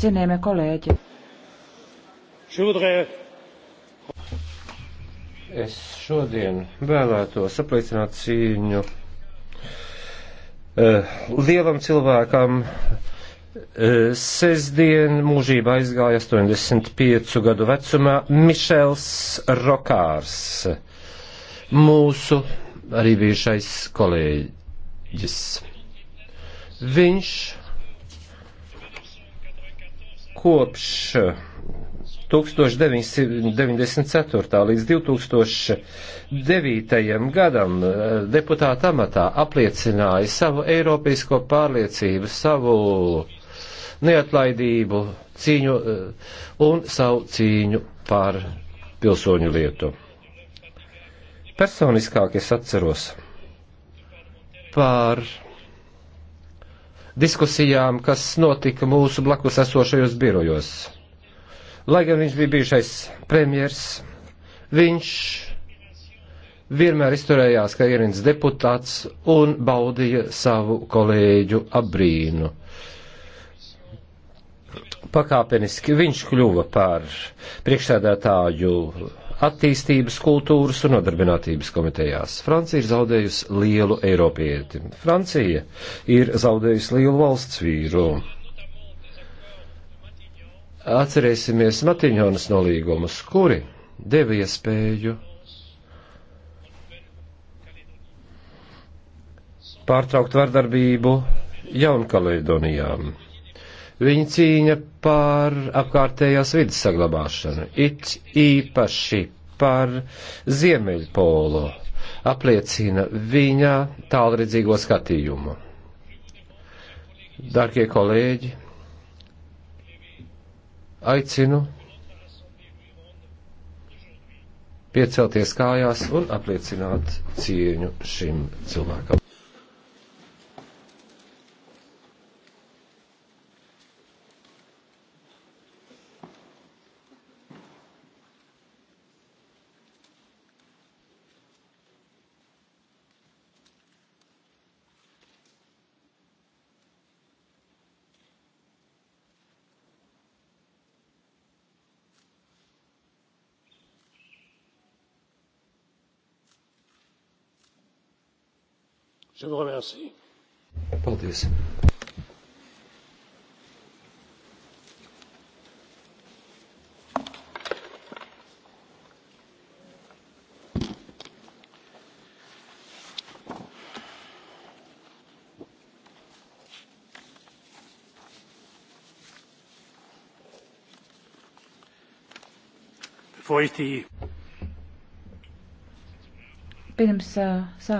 Cienījamie kolēģi! Es šodien vēlētos apliecināt cīņu uh, lielam cilvēkam. Uh, eh, sesdien mūžībā aizgāja 85 gadu vecumā Mišels Rokārs, mūsu arī bijušais kolēģis. Viņš kopš 1994. Eh, līdz 2009. gadam eh, deputāta amatā apliecināja savu eiropeisko pārliecību, savu neatlaidību, cīņu eh, un savu cīņu par pilsoņu lietu. Personiskāk es atceros par diskusijām, kas notika mūsu blakus esošajos birojos. Lai gan viņš bija bijušais premjers, viņš vienmēr izturējās kā ierins deputāts un baudīja savu kolēģu apbrīnu pakāpeniski viņš kļuva par priekšsēdētāju attīstības, kultūras un nodarbinātības komitejās. Francija ir zaudējusi lielu eiropieti. Francija ir zaudējusi lielu valsts vīru. Atcerēsimies Matiņonas nolīgumus, kuri deva iespēju pārtraukt vardarbību Jaunkaledonijām. Viņa cīņa par apkārtējās vidas saglabāšanu, it īpaši par Ziemeļpolu, apliecina viņa tālredzīgo skatījumu. Dārgie kolēģi, aicinu piecelties kājās un apliecināt cieņu šim cilvēkam. Paldies! Pirms uh, sākuma.